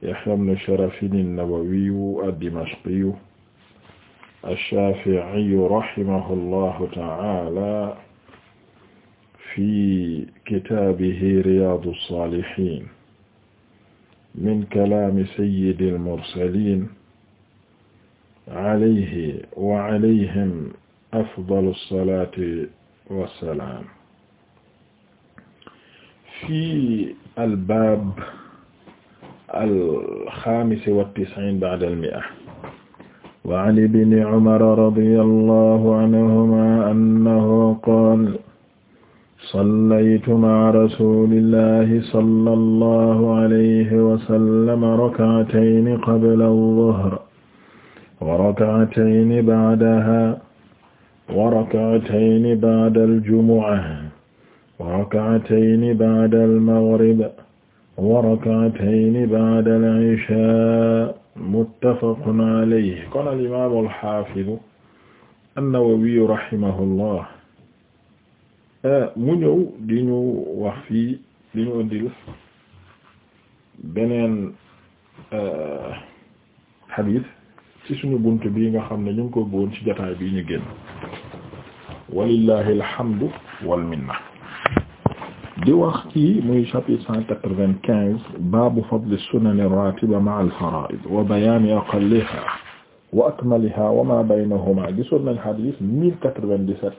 Yahya ibn Sharafin an-Nawawi ad-Dimashqi ash-Shafi'i rahimahullahu ta'ala fi kitaabihi Riyaadu s-Saalihiin min kalaami sayyidil mursaliin alayhi wa alayhim afdalu salaati wa salaam fi al-baab alxaamisi wa tis'iin ba'da al-mi'a wa 'an ibni umara radiyallahu anhumaa annahu qaala صليت مع رسول الله صلى الله عليه وسلم ركعتين قبل الظهر وركعتين بعدها وركعتين بعد الجمعة وركعتين بعد المغرب wa rak'atayni ba'da al-ishaa muttafaqun alayhi qaala al-imaam al-haafiz an-Nawawi rahimahullah eh, mu ñëw di ñu wax fii di ñu indil beneen xadiis eh, ci suñu bunt bii nga xam ne ñu ngi ko boon ci jotaay bii ñu génn walillahi alhamdu wal minna di wax ci muy chapitre cent quatre-vingt-quinze baabu fadli sunani ratiba ma alfaraid wa bayaani aqalliha wa akmaliha wa ma baynahuma gisoon nañ xadis mille quatre-vingt-dix-sept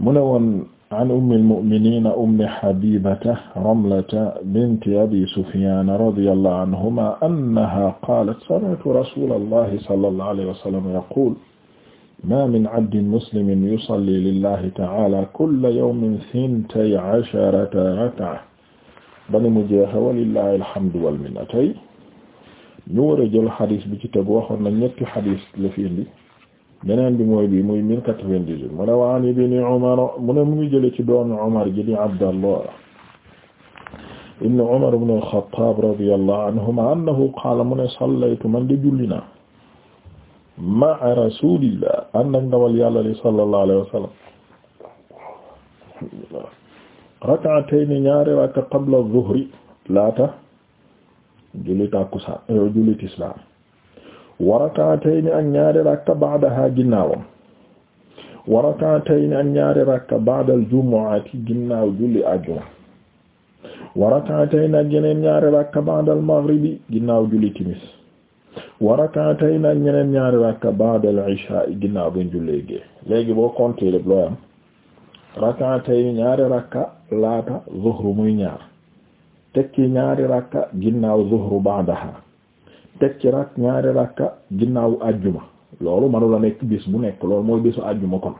mu ne woon an ummi almuminina ummi habibata ramlata binti abi sufyan radiyallahu anhuma annaha qalat sami'tu rasula allahi sallallahu alayhi wa sallam yaqul ma min abdin muslimin yusalli lillahi ta'ala kulla yawmin sintay asharata rak'a bani mu jeexe walillahi alhamdu wal minna tey ñu war a jël xadis bi ci tegu waxoon na ñetti xadis la fi indi beneen bi mooy bi muy 1098 mu ne waan ibni Umar mu ne mu ngi jële ci doon Umar ji di Abdallah ibn Umar ibn al-Khattab radiyallahu anhuma annahu qaala mu ne sallaytu man de julli naa ma'a rasulillah ànd ak ndawal yàlla li sallallahu alayhi wa sallam rak'atayn ñaari rakka qabla dhuhri laata julli tàkkusaan euh, julli tisbaar wa rak'atayn ak ñaari rakka ba'daha ginnaawam wa rak'atayn ak ñaari rakka ba'da al-jumu'ati ginnaaw julli àjjuma wa rak'atayn ak yeneen ñaari rakka ba'da al-maghribi ginnaaw julli timis wa rak'atayn ak ñeneen ñaari rakka ba'dal isha ginnaaw buñ jullee gée léegi boo compter lépp looy am rak'atayn ñaari rakka laata zuhru muy ñaar teg ci ñaari rakka ginnaaw zuhru ba'daha teg ci rak ñaari rakka ginnaaw ajjuma loolu manu la nekk bis bu nekk loolu mooy bisu ajjuma kon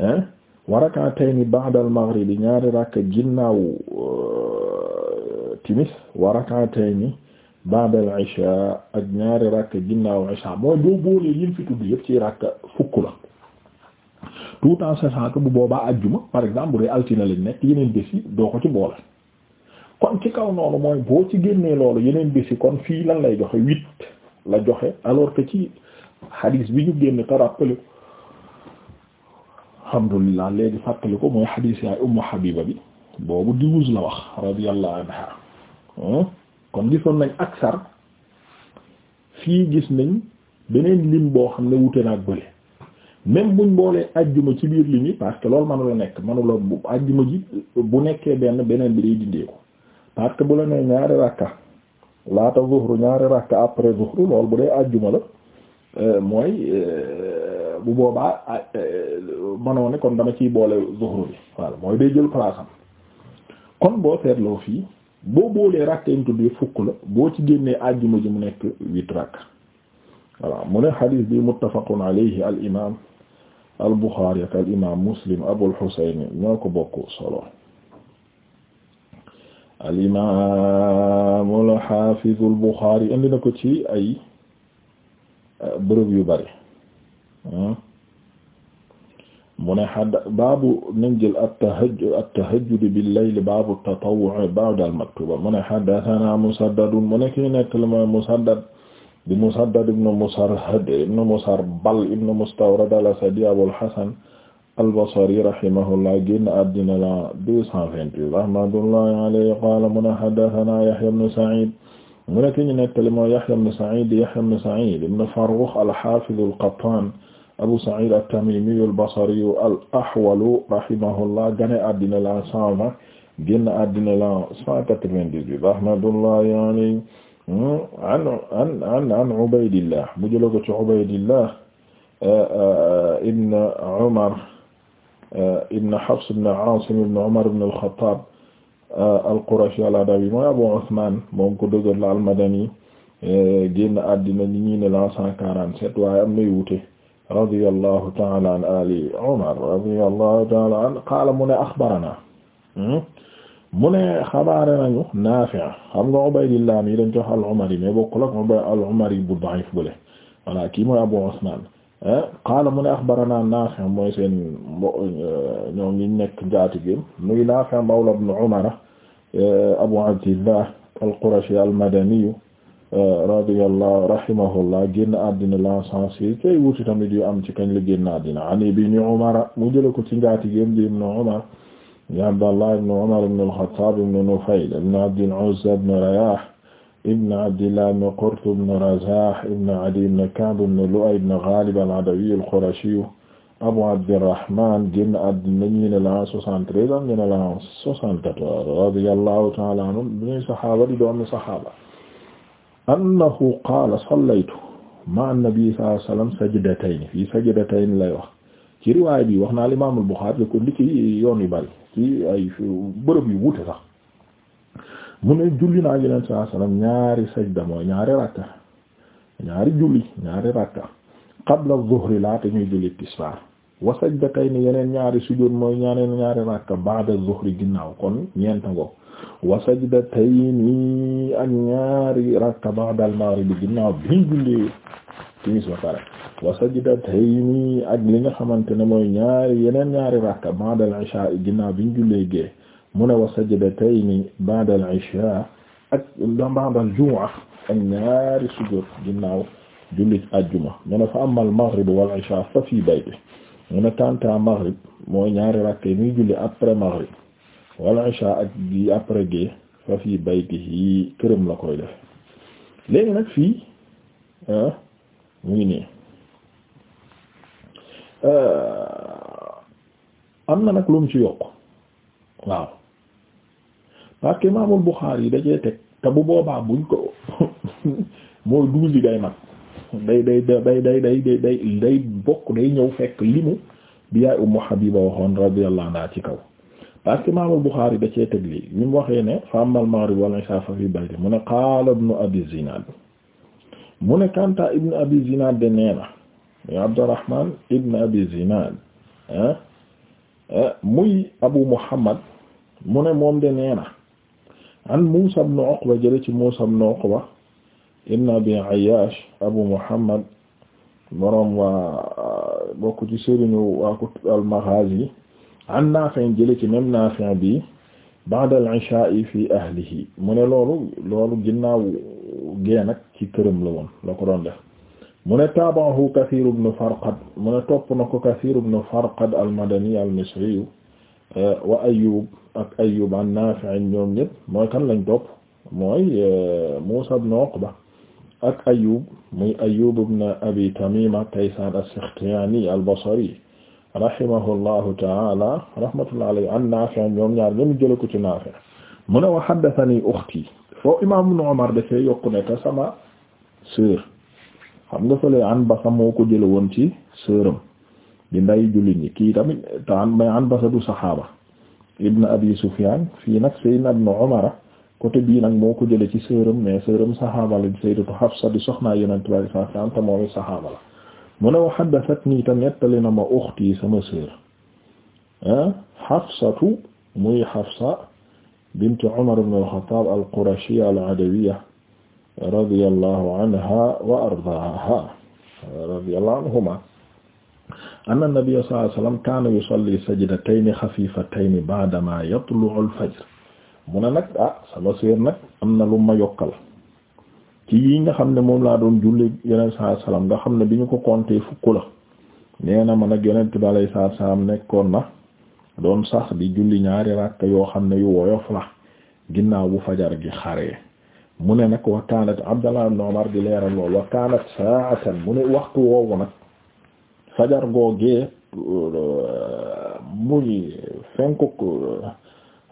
ah wa rak'atayn ba'dal maghribi ñaari rakka ginnaaw euh, timis wa rak'atayn baabal isha ak ñaari rakk ginnaaw isha mooy boo boolee yin fi tudd yëpp ci rakk fukk la tout en sachant que bu boobaa ajjuma par exemple yi dee altine lañ nekk yeneen bés yi doo ko ci boole kon ci kaw noonu mooy boo ci génnee loolu yeneen bés yi kon fii lan lay joxe huit la joxe alors que ci hadis bi ñu génn te rappelé ko alhamdulillah léegi fàttali ko mooy hadis yaay ummu habiba bi boobu douze la wax radiyallahu anha kon gisoon nañ aksar fii gis nañ beneen lim boo xam ne wute naag bële même buñ boolee ajjuma ci biir lim yi parce que loolu mënula nekk mënula bu ajjuma ji bu nekkee benn beneen bi day dindee ko parce que bu la nee ñaari rakka laata zuhru ñaari rakka après zuhru loolu bu dee ajjuma la euh, mooy euh, bu boobaa euh, mënoo ne kon dama ciy boole zuhru bi voilà mooy day jël place am kon boo seetloo fii boo boolee rakk yi ñu fukk la boo ci génnee àjjuma ji mu nekk huit rakk voilà mu ne xadiis bi muttafaqun alayhi al imaam ak al muslim abul xuseyn ñoo ko bokk solo al imaam al xaafiz indi na ko ci ay euh, bërëb yu bari. mu ne xad baabu nañ jël at-tahajjud at-tahajjud bil-layl baabu at-tatawwu' ba'da al-maktuba mu ne haddathana Musaddad mu ne kii nekk la mooy Musaddad di Musaddad ibn Musarhad ibn Musarbal ibn Mustawrad al-Asadi Abul Hasan al-Basri rahimahullah génn àddina la 228 rahmatullahi alayhi qaala mu ne haddathana Yahya ibn Sa'id mu ne kii nekk la mooy Yahya ibn Sa'id Yahya ibn Sa'id ibn Farrukh al-Hafiz al-Qattan Abu Sa'id at-Tamimi al-Basri al-Ahwal rahimahullah gane addina la cent vingt génn addina la cent quatre-vingt-dix-huit rahmatullahi alayhi an an an an Ubaydillah mu jël ko ci Ubaydillah eh, eh, ibn Umar eh, ibn Hafs ibn Asim ibn Umar ibn al-Khattab al-Qurashi al-Adawi mooy Abu Uthman moom ko dëgër la al-Madani génn addina li ñuy ne la cent quarante-sept waaye am na wuute radiyallahu ta'ala an ali Umar radiyallahu ta'ala an qaala mu ne axbarana hmm? mu ne xabaare nañu Naafi' xam nga Ubaydillah mi dañ ko al Umari mais bokkul ak al Umari bu da'if bu le voilà kii mooy Abu Usman eh? qaala mu ne axbarana Naafi' mooy seen eh, ñoom ñi nekk njaatigéem muy Naafi' mawla ibn Umar eh, Abu Abdillah al-Qurashi al-Madani Euh, radiyallahu rahimahullah génn àddina la cent six tey wuti tamit yu am ci kañ la génn àddina an ibni Umar mu jël ko ci ngaati gém di ibn Umar ibn Abdallah ibn Umar ibn al-Khattab ibn Nufayl ibn Abd al-Uzza ibn Riyah ibn Abdillah ibn Qurt ibn Razah ibn Adi ibn Ka'b ibn Lu'ay ibn Ghalib al-Adawi al-Qurashi Abu Abdirrahman génn àddina ñu ne la soixante-treize am ñu ne la soixante-quatorze radiyallahu ta'ala anhum ñu saxaaba di doomi saxaaba annahu qaala sallaytu ma annabi sallallahu alayhi wasallam sajdatayn lay wax ci riwaay bi wax naa al-Imaam al-Buxaari ko li yoon yu bari ci ay bërëb yu wuute sax mu ne julli naa Yonent sallallahu alayhi ñaari sajda mooy ñaari rakka ñaari julli ñaari rakka qabla zuhri laata ñuy julli tisbaar tey ni yeneen ñaari sujud mooy ñaaneen ñaari rakka ba'da zuhri ginnaaw kon ñeenta ngo wa sajdatayni ak ñaari rakka ba'da al-maghrib ginnaaw bi julli timis ba pare wa sajdatayni ak li nga xamante ne mooy ñaari yeneen ñaari rakka ba'da al-isha ginnaaw bi julli gee mu ne wa sajdatayni ba'da al-isha ak ba'da al-jumu'a ak ñaari sujud ginnaaw jullit ajjuma mu ne fa amma al wal-isha fa fi bayti mu ne kanta maghrib mooy ñaari rakk yi muy julli après maghrib wala isha ak gi après gée fa fii baytihi këram la koy def léegi nag fii ah, mu ngi nii ah, am na nag lu mu ci yokk waaw parce que Imaamul yi dajee teg te bu boobaa buñ ko mooy douze yi mag day day day day bokk day ñëw fekk limu bi yaay Ummu Habiba waxoon radiyallahu anha ci kaw parce que Imaam da cee teg lii li mu waxee ne fa ammal maghrib wal isha fa fi bayti mu ne Abi Zinad mu ne kanta ibn Abi Zinad de nee na ya Abdurrahman ibn Abi Zinad ah, ah, muy Abu Muhammad mu ne moom de nee na an Muusa ibn Uqba jële ci Muusa ibn Uqba ibn abi ayyash abu muhammad borom waa bokk ci sëriñu waa ko al-maghazi an nafi' jële ci même nafi' bi ba'da al-isha'i fi ahlihi mu ne loolu loolu ginnaaw gee nag ci këram la woon la ko doon def mu ne taaba'ahu kathir ibn farqad mu ne topp na ko kathir ibn farqad al-madani al-misri wa ayub ak ayub an nafi' ñoom ñëpp mooy kan lañ topp mooy musa ibn uqba ak Ayyub muy Ayyub ibn Abi Tamima Kaysan as-Sakhtiyani al-Basri rahimahullahu ta'ala rahmatullahi alayhi an Nafi' ñoom ñaar ñoom jëlee ko ci Nafi' mu ne wa haddathani ukhti foo imaam Ibn Umar dafay yokku ne te sama sœur xam nga fële an basa moo ko jëlee woon ci sœuram di nday jullit ñi kii tamit te an may an basa du saxaaba Ibn Abi Sufyan fii nag Sayyidina Ibn Umar côté bii nag moo ko jële ci sërëm mais sërëm saxaaba la sayyidatu Hafsa di soxnaa yonent bi sallallahu alayhi wa sallam moom saxaaba la mu ne wa haddathatnii te nettali na ma uxtii sama sœur ah Hafsatu muy Hafsa bint Umar ibn al-Khattab al-Qurashiyya al-Adawiyya radiyallahu anha wa ardaaha radiyallahu anhuma anna nabiyya sallallahu alayhi wa sallam kaana yusalli sajdatayni xafiifatayni ba'dama yatlu'u al-fajr mu ne nag ah sama séer nag am na lu ma yokkal ci yi nga xam ne moom laa doon julli yeneen saa salaam nga xam ne bi ñu ko compter fukk la nee na ma nag yonent bi alayhi salaam nekkoon na doon sax di julli ñaari rakka yoo xam ne yu woyof la ginnaaw bu fajar gi xaree mu ne nekk wa kaanat Abdallah ibn Umar di leeral lool wa kaanat saa'atan mu ne waxtu woowu nag fajar googee euh, muy fenkuk euh,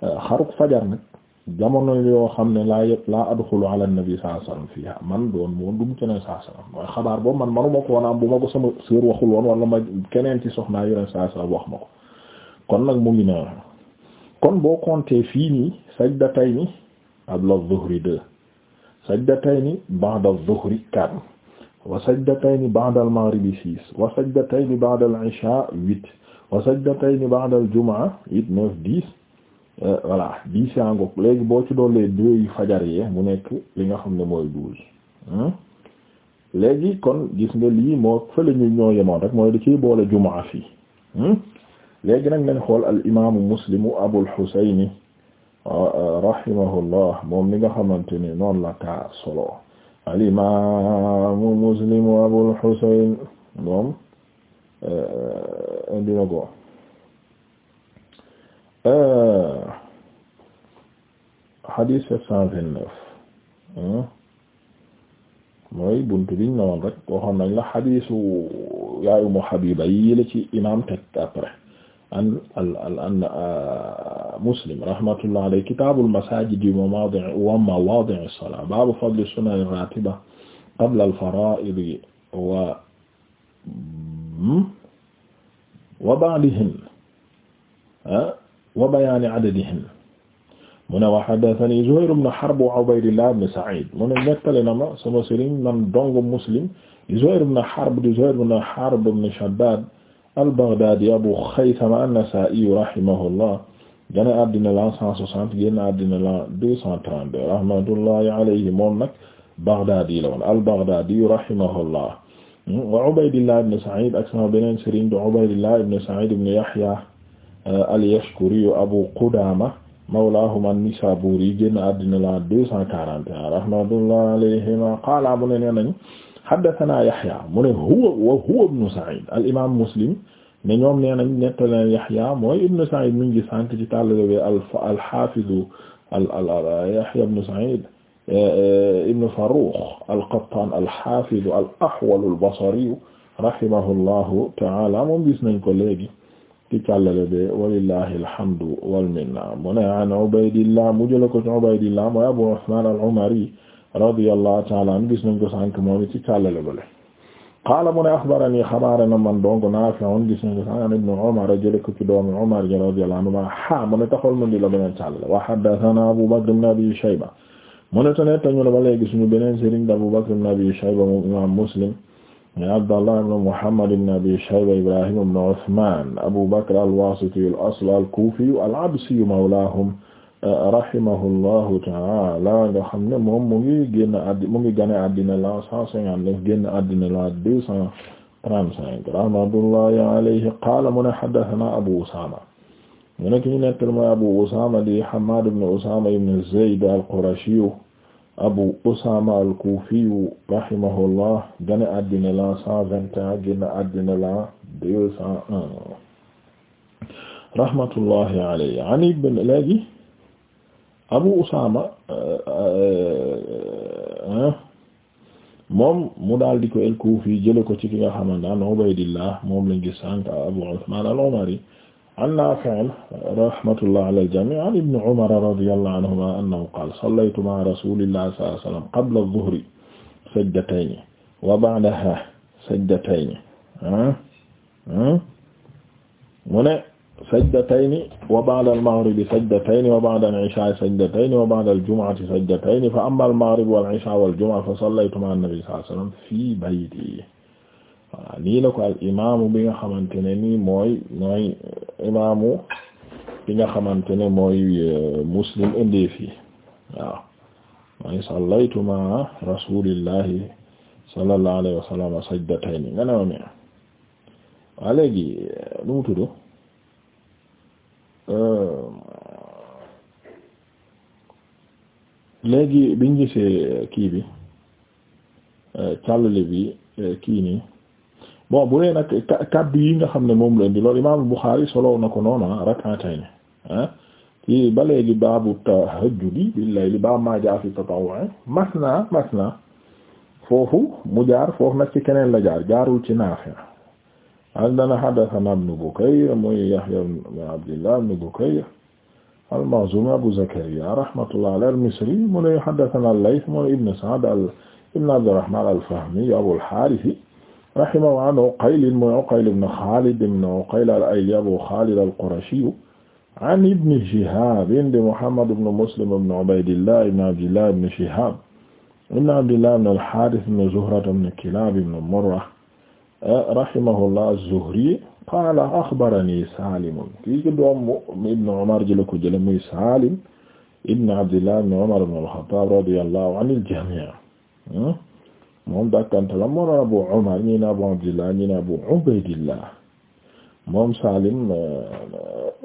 xaruk fajar nag jamono yoo xam ne laa yëpp laa adxulu ala nabi sallallahu alayhi wasallam fiha man doon moom dugg ci nabi sallallahu alayhi wasallam mooy xabaar boobu man manuma ko woon bu ma ko sama sœur waxul woon ma keneen ci soxnaa yu nabi wax ma ko kon nag mu ngi ne kon boo compter fii nii sajdatayni abla dhuhri deux sajdatayni ba'da dhuhri quatre wa sajdatayni ba'da al-maghribi six wa sajdatayni ba'da al-isha huit wa sajdatayni ba'da al-jumu'a huit neuf dix Euh, voilà dix ngook léegi boo ci doolee deux yi fajar yee mu nekk li nga xam ne mooy douze hmm? léegi kon gis nga lii moo fële ñu ñoo yemoon rek mooy da ciy boole jumaa fii hmm? léegi nag nañ xool al imaamu muslimu abul xuseyni rahimahullah moom li nga xamante ni noonu la kaa solo al imaamu muslimu abul xuseyn moom euh, indi na ko Euh, hadith sept cent vingt-neuf hmm? mooy buntu biñ la woon rek waxoon nañ la xadiisu yaayu Ummu Habiba yi la ci imaam teg après an al al an euh, Muslim rahmatullah alayhi kitaabul masaajidi wa mawaadi'i wa mawaadi'i as-salaa baabu fadli sunan raatiba qabla al-faraa'idi wa hmm? wa ba'dihin ha wa bayaani adadihin mu ne wa haddathani Zuhayr ibn Harb wa Ubaydillah ibn Sa'id mu ne nettali na ma sama sëriñ man dong Muslim di Zuhayr ibn Harb di Zuhayr ibn Harb ibn Shaddad al-Baghdadi Abu Khaythama an-Nasa'i rahimahullah gane àddina la 160 génn àddina la 232 rahmatullahi alayhi moom nag Baghdadi la woon al-Baghdadi rahimahullah hmm, wa Ubaydillah ibn Sa'id ak sama beneen sëriñ di Ubaydillah ibn Sa'id ibn Yahya Euh, al-Yashkuri Abu Qudama mawlaahum an-Nisaburi génn àddina la 241 rahmatullahi alayhima qaala mu ne nee nañ haddathana Yahya mu ne huwa wa huwa ibn Sa'id al-imam Muslim ne ñoom nee nañ nettalen Yahya mooy ibn Sa'id mi ngi sant ci tàllalawe al-hafiz Yahya ibn Sa'id e, e, ibn Farrukh al-Qattan al-hafiz al-Ahwal al-Basri rahimahullahu ta'ala moom gis nañ ko léegi ci càllale be walillahi alhamdu wal minna mu ne an Ubaydillah mu jëla ko ci Ubaydillah mooy Abu Usman al-Umari radiyallahu ta'ala an gis nañ ko sànk moom ci càllale bale qaala mu ne axbarani xabaare na man donc Naafi'un gis nañ ko sànk an ibnu Umar jëla ko ci doomi Umar ji radiyallahu anhu ma ha mu ne taxol mu di la beneen càllale wa haddathana Abu Bakr ibn Abi Shayba mu ne te ne tañu la ba léegi suñu beneen sëriñ Abu Bakr ibn Abi Shayba mu imaam Muslim ni Abdallah ibn Muhammad ibn Abi Shayba Ibrahim ibn Usman Abu Bakr al-Wasiti al-asl al-Kufi al-Absi mawlahum rahimahullahu ta'ala nga xam ne moom mu ngi génn addi mu ngi gane addina la cent cinquante-neuf génn addina la deux cent trente-cinq rahmatullahi alayhi qaala mu ne haddathana Abu Usama mu ne ki ñu nettali mooy Abu Usama di Hammad ibn Usama ibn Zayd al-Qurashi abu Usaama al-Kuufiyu rahimahullah gane addina la cent vingt et un génn addina la deux cent un rahmatullahi alayhi an ibn léegi abu Usaama euh, euh, moom mu daal di ko al-Kuufi ko ci ki nga xamante ne moom lañ gis sànq abu Usmaan al-Umari an Naafi' rahmatullah ala al-jamii' an ibni Umar radiyallahu anhuma annahu qaala sallaytu ma'a rasuulillahi sallallahu alayhi wa sallam qabla adh-dhuhri sajdatayni wa ba'dahaa sajdatayni ah? ah? mu ne sajdatayni wa ba'da al-maghribi sajdatayni wa ba'da al-'ishaa'i sajdatayni wa ba'da al-jumu'ati sajdatayni fa amma al-maghrib wal-'ishaa' wal-jumu'a fa sallaytu ma'a an-nabi sallallahu alayhi wa sallam fii baytii voilà nii la ko al imaamu bi nga xamante ne nii mooy mooy imaamu bi nga xamante ne mooy euh, muslim indee fii waaw mooy sallaytu ma rasuulillahi sallallahu alayhi wa sallam sajdatayni nga ne ma mee waa léegi euh, nu mu tudd euh, léegi biñ gisee kii bi càllale bi kii nii bon bu dee nag kaddu yi nga xam ne moom leen di loolu imaamul Buxaari solow na ko noona ah, rak'atayn ah ci ba léegi baabu tahajjudi bil layli baa maa jaa fi tatawwu masna masna foofu mu jaar foofu nag ci keneen la jaar jaarul ci Naafi' andana haddathana ibnu Bukayr mooy Yahya ibnu Abdillah ibnu Bukayr al-Makhzumi misri mu ne haddathana al-Layth mu ne Ibn Sa'd ibn Abd rahimahu an Uqayl mooy Uqayl ibn Xaalid ibn Uqayl al-Ayli Abu Xaalid al-Qurashi an ibn Shihaab di Muhammad ibn Muslim ibn Ubaydillah ibn Abdillah ibn Shihaab ibn Abdillah ibn al-Haarith ibn Zuhra ibn Kilaab ibn Murra eh, rahimahullah az-Zuhri qaala axbaranii Saalim kii doomu ibn Umar jëla ko jële muy Saalim ibn Abdillah ibn Umar ibn al-Khattaab radiyallahu anil jamii' hmm? moom dàkkante la moo doon Abu Umar ñii ne Abu Abdillah ñii ne Abu Ubaydillah moom Salim euh,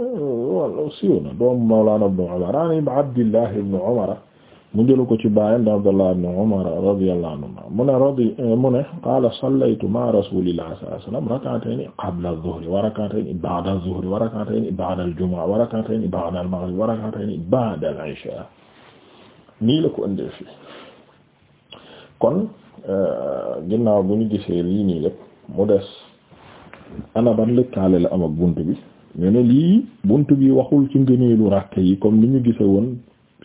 euh, wala siiw na doomu Mawlana ibn Umar an Abdillah ibn Umar mu jëlu ko ci baayam da Abdullah ibn Umar radiyallahu anhuma mu ne radi euh, mu ne qaala sallaytu ma'a rasulillahi sallallahu alayhi wa sallam rak'atayni qabla adh-dhuhri wa rak'atayni ba'da adh-dhuhri wa rak'atayni ba'da al-jumu'a wa rak'atayni ba'da al-maghrib wa rak'atayni ba'da al-'isha nii la ko ëndee fii kon Euh, ginnaaw bu ñu gisee lii nii lépp mu des ana ban lëkkaale la am ak bunt bi ñu ne lii bunt bi waxul ci ngëneelu ràkk yi comme ni ñu gisee woon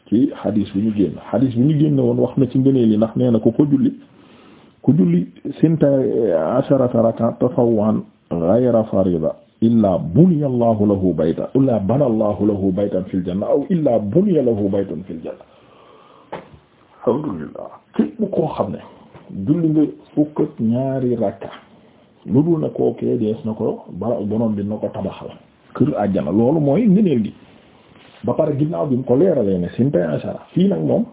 ci xadiis bi ñu génn xadiis bi ñu génn woon wax na ci ngëneel yi ndax nee na ku ko julli ku julli sinta asharata raka tafawwan ghayra farida illaa buniya allahu lahu baytan illaa bana allahu lahu baytan fil janna aw illaa buniya lahu baytan fil janna alhamdulillah képp koo xam ne julli nga fukk ñaari rakka lu dul na kookee dees na ko bara borom bi na ko tabaxal kër àjjana loolu mooy ngëneel gi ba pare ginnaaw bi mu ko leeralee ne sinta ashara fii nag moom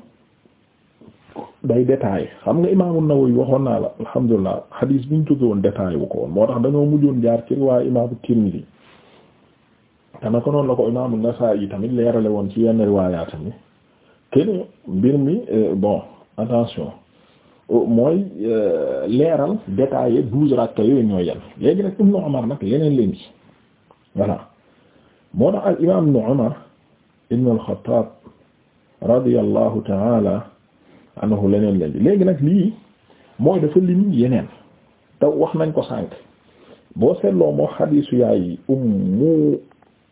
day détaillé xam nga imaamu Nawawi waxoon naa la alhamdulilah hadis bi ñu jóge woon détaillé wu ko woon moo tax dañoo mujjoon jaar ci riwaayu imaamu Tirmidhi te naka noonu la ko imaamu Nasaa'i tamit leerale woon ci yenn riwaayaatam yi mbir mi eh, bon attention mooy euh, leeral détaillé douze rakka yooyu ñoo yem léegi nag Ibnu Umar nag leneen leen ci voilà moo tax al imaam Ibnu Umar ibnu al-Xattaab radiyallahu anhu leneen leen léegi nag lii mooy dafa lim yeneen te wax nañ ko sànq boo seetloo moo xadiisu yaay ummu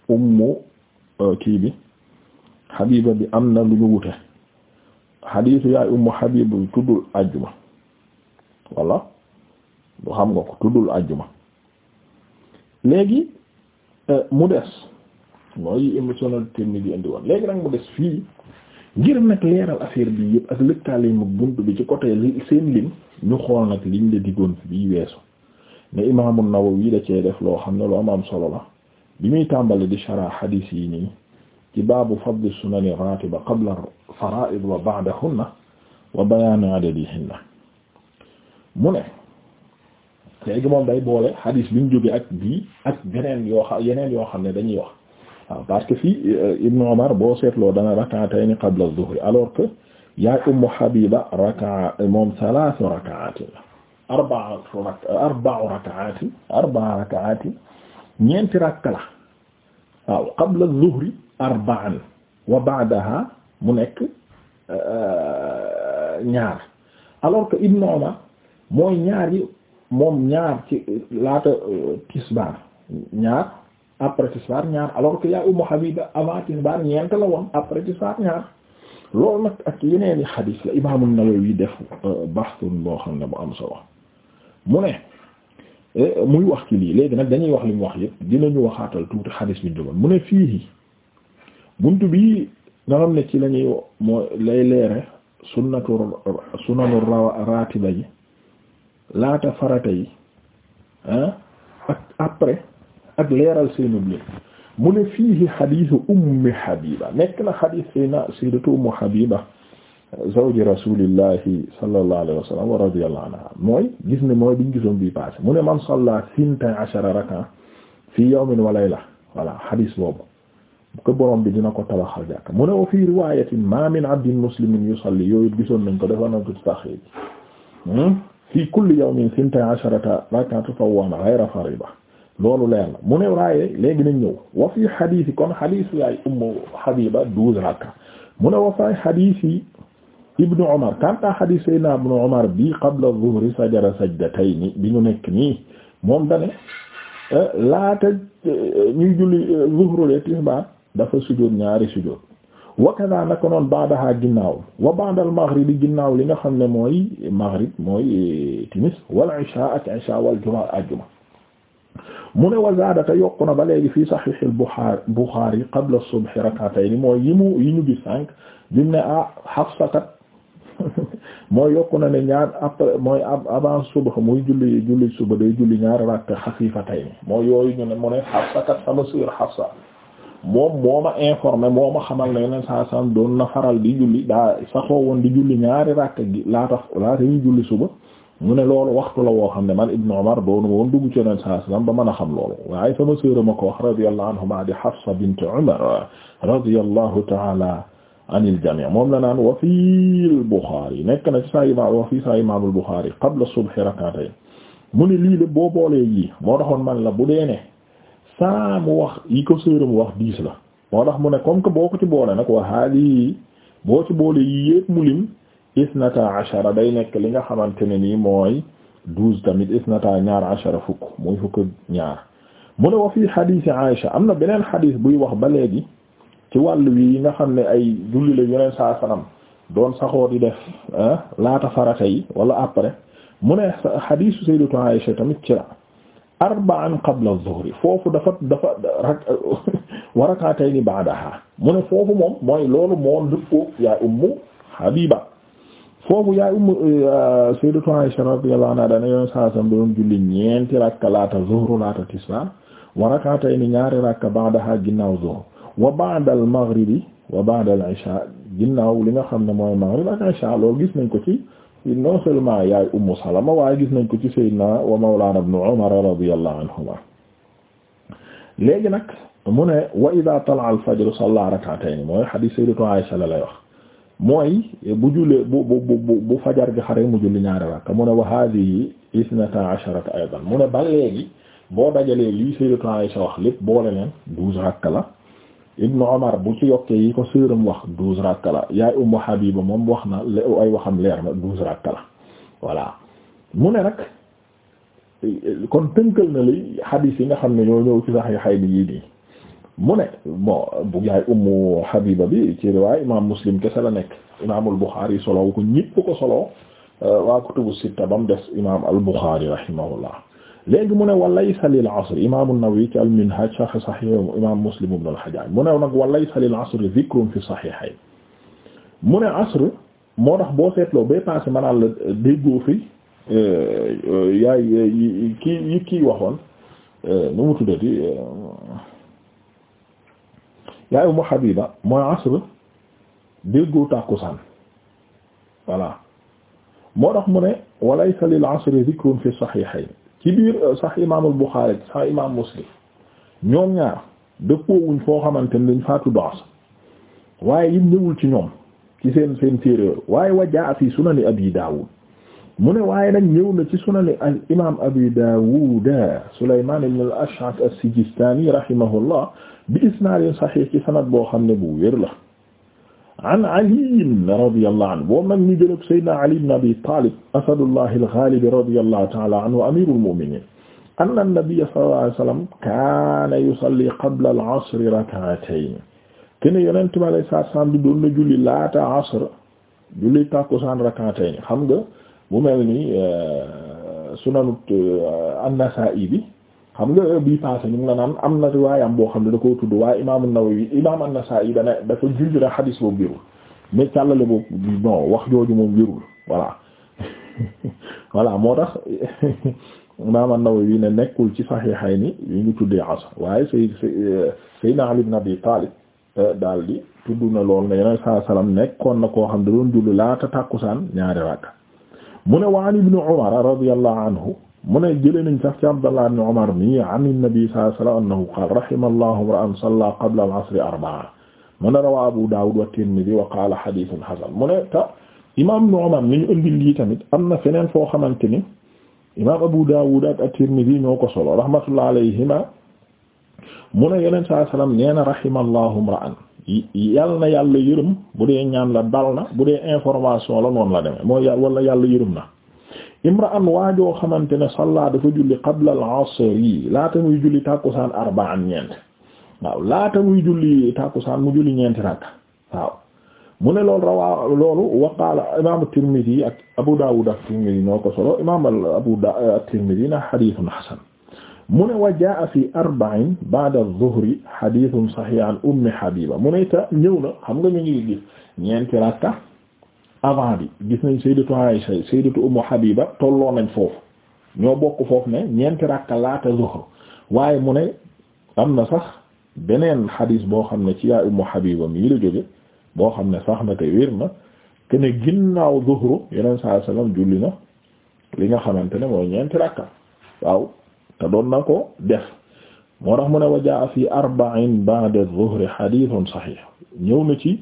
ummu euh, kii bi Habiba bi am na lu ñu wute xadiisu yaay ummu Habib tuddul ajjuma walla du xam nga ko tuddul ajjuma léegi euh, mu des mooy émission la termine bi indi woon léegi nag mu des fii ngir nag leeral affaire bi yëpp ak lëkkaale mu bunt bi ci côté seen lim ñu xool nag liñ la diggoon fi bii weesu ne imaamu Nawawi da cee def loo xam ne loo am am solo la bi muy tàmbali di shara xadiis yi nii. ci baabu fadli sunani ratiba qabla faraid wa baadahunna wa bayaani adadihinna mu ne léegi moom day boole hadis bi ñu ak bii ak beneen yoo xam yeneen yoo xam ne dañuy wax waaw parce que fii euh, Ibn Umar boo seetloo dana rak'atayni qabla dhuhri alors que yaay Ummu Habiba raka moom salaasu rak'aati arba'a arba'u rak'aati arba'a rak'aati ñeenti la waaw qabla arba'an wa ba'daha mu nekk euh, ñaar alors que Ibn Umar mooy ñaar yi moom ñaar ci laata euh, tisbaar ñaar après tisbaar ñaar alors que yaa Ummu Habiba avant tisbaar ñeent la woon après tisbaar ñaar loolu nag ak yeneen i xadiis la Imaam An-Nawawi def euh, baxtun boo xam ne bu am solo mu ne muy wax ci lii léegi nag dañuy wax li mu wax yëpp dinañu waxaatal tuuti xadiis bi ñu mu ne fii. bunt bi nga xam ne ci la moo lay leere sunnatu sunanu raatiba yi laata farata yi ah ak leeral seenu blé mu ne fiihi xadiisu ummi Habiba nekk na xadiis sayna sayyidatu ummu Habiba zawji rasulillahi sallallahu alayhi wa sallam mooy gis ne mooy biñ gisoon bii passé mu ne man salla sinta ashara raka fi yawmin wa layla voilà xadiis boobu ko borom bi dina ko tabaxal jàkk mu ne wa fii riwaayatin ma min abdin muslimin yusalli yooyu gisoon nañ ko dafa nañ ko ci taxriij hmm? fii kulli yawmin sinta asharata rak'atan tatawwu'an ghayra farida loolu leer na mu ne raaye léegi nañ ñëw wa fii xadiis yi kon xadiis yaay ummu Habiba douze rakka mu ne wa fii xadiis yi Ibnu Umar kanta xadiis Seydina Ibnu Umar bi qabla zuhri sajada sajdatayni bi ñu nekk nii moom dane eh, laata eh, ñuy julli eh, zuhru le tisbaar dafa sujjóot ñaari sujjóot wakana naka noon baadaha ginnaaw wa baadal maghribi ginnaaw li nga xam ne mooy maghrib mooy e, timis wal isha ak isha juma ajjuma mu ne wa zaadata yokku na ba léegi fii sahih al buxaari buxaari qabla subh rak'atayn mooy yi mu yi ñu gis sànq bim ne ah Hafsa kat mooy yokku na ne ñaar après mooy avant subh muy julli julli suba day julli ñaar rakka xafiifatayni mooy yooyu ñu ne kat sama sœur Hafsa moom moo ma informé moo ma xamal na yeneen saa san doon na faral di julli daa saxoo woon di julli ñaari rakk laa tax laata ñuy julli suba mu ne loolu waxtu la woo xam ne man Ibn Umar doonu woon dugg ci yeneen ba mën a xam loolu waaye sama sœur ma ko wax radiyallahu anhuma di Hafsa bint Umar radiyallahu ta'ala anil jami' moom la naan wa fil Bukhari nekk na ci sa imaam wa fi sa imaamul Bukhari qabla subhi rak'atayn mu ne lii la boo boolee yii moo taxoon man la bu dee sans mu wax yi ko séeram wax diis la moo tax mu ne comme que boo ko ci boole nag wa haali boo ci boole yi yépp mu lim isnata achara day nekk li nga xamante ne nii mooy douze tamit isnata ñaar achara fukk muy fukk ñaar mu ne wa fii hadisi Aïcha am na beneen hadis buy wax ba léegi ci wàll wi yi nga xam ne ay julli la yeneen saa sanam doon saxoo di def ah, laata farata yi wala après mu ne hadisu sayyidatu Aïcha tamit ci la arba'an qabla az-zuhri foofu dafa dafa wa rak'atayni ba'daha mu ne foofu moom mooy loolu moom dëppoo yaay ummu Habiba foofu yaay ummu euh, sayyidatu Aisha radiyallahu anha dana yoon saa sam doon julli ñeenti rakka laata zuhru laata tisbaar wa rak'atayni ñaari rakka ba'daha ginnaaw zuhru wa ba'da al-maghribi wa ba'da al-isha ginnaaw li nga xam ne mooy maghrib ak isha loolu gis nañ ko ci non seulement yaay ummu salama waaye gis nañ ko ci sayyidina wa mawlana ibn umar radiyallahu anhuma léegi nag mu ne wa ida tala al fajr salla rak'atayn mooy hadith sayyidatu aisha la lay wax mooy bu julee bu bu bu bu fajar gi xare mu julli ñaari rakka mu ne wa hadhihi isnata asharata aydan mu ne ba léegi boo dajalee lii sayyidatu aisha wax lépp boole leen douze rakka la ibnu Omar bu ci yokkee yi ko séeram wax douze rakka la yaay Ummu Habiba moom wax na ay waxam leer na douze rakka la voilà mu ne nag kon tënkal na li hadith yi nga xam ne ñoo ñëw ci sax yi xay bi yii nii mu ne bon bu yaay Ummu Habiba bi ci riwaay imaam Muslim kese la nekk imaamul Buxaari solow ko ñépp ko solo waa kutubu sitta bam des imaam al Buxaari léegi mu ne walaysa lil asri imaamu Nawawi ci al-Minhaj sharh Sahih imaam Muslim ibn al-Hajjaj mu ne nag walaysa lil asri dhikrun fi sahihayn mu ne asr moo tax boo seetloo bee passé ma naan la déggoo fi euh, yaay kii yi kii waxoon euh, nu mu tuddati euh, yaay Ummu Habiba mooy asr déggoo tàkkusaan voilà moo tax mu ne walaysa lil asri dhikrun fi sahihayn ci euh, sax imaamul Buxaari sax imaam Muslim ñoom ñaar dëppoowuñ foo xamante ne dañ faatu dox waaye yim ñëwul ci ñoom ci seen seen téere waaye wajaa fi sunani Abi Daawud mu ne waaye nag ñëw na ci sunani al imaam Abi Daawud Sulaymaan ibn al-Ash'ath as-Sijistaani rahimahullah bi isnaadin saxiix ci sanad boo xam ne bu wér la. an Ali radiyallahu anhu boobu nag ñu jëlëb Seydina Ali ibn Abi Talib asadullah al-ghalib radiyallahu ta'ala anhu amirul mu'minin anna an-nabiyya sallallahu alayhi wa sallam kaana yusalli qabla al-'asr rak'atayn kene yonent bi alayhi salaam di doon na julli laata asr julli tàkkusaan rak'atayn xam nga bu mel ni euh, sunanu euh, an-Nasa'i bi xam nga bi passé ñu ngi la naan am na riwaayam boo xam ne da tudd waaye imaam an-Nawawi imaam an-Nasa'i dana dafa junj na xadis boobu wérul mais càllale boobu non wax jooju moom wérul voilà voilà moo tax imaam an-Nawawi ne nekkul ci Sahihayni yi ñu tuddee asr waaye say Sayyidina Ali ibn Abi Talib eh, daal di tudd na lool ne yeneen saa salaam nekkoon na koo xam da doon julli laata tàkkusaan ñaari rakk mu ne wa an ibn Umar radiyallahu anhu mu ne jëlee nañ sax ci Abdallah ibn Umar mi an nabi sallallahu alayhi wa sallam annahu qaala rahima allahu imra'an salla qabla al-asri arba'a mu ne rawaa Abu Dawud wa Tirmidhi wa qaala hadithun hasan mu ne ta imaam ibn Umar ni ñu indi lii tamit am na feneen foo xamante ni imaam Abu Dawud ak at-Tirmidhi ñoo ko solo rahmatullahi alayhima mu ne yeneen sallallahu alayhi wa sallam nee na rahima allahu imra'an yal na yàlla yërëm bu dee ñaan la dal na bu dee information la noonu la demee mooy wala yàlla yërëm na imra'an waajoo xamante ne salla dafa julli qabla al-asri laata muy julli tàkkusaan arba'an ñeent waaw laata muy julli tàkkusaan mu julli ñeenti rakka waaw mu ne loolu rawaa loolu waqaala imam at-Tirmidhi ak Abu Dawud ak Tirmidhi ñoo ko solo imam Abu at-Tirmidhi na hadithun hasan mu ne wa jaa fi arba'in ba'da adh-dhuhri hadithun sahih an Ummi Habiba mu ne ta ñëw na xam nga ñu ngi gis ñeenti rakka avant bi gis nañ sayyidatu Aisha sayyidatu Ummu Habiba tolloo nañ foofu ñoo bokk foofu ne ñeenti rakka laata zuhr waaye mu ne am na sax beneen xadiis boo xam ne ci yaay Ummu Habiba mii la jóge boo xam ne sax na te wér na ke ne ginnaaw zuhru yeneen saa sallam julli na li nga xamante ne mooy ñeenti rakka waaw te doon na ko def moo tax mu ne wa jaa fi arba'in a zuhri hadithun sahih ñëw na ci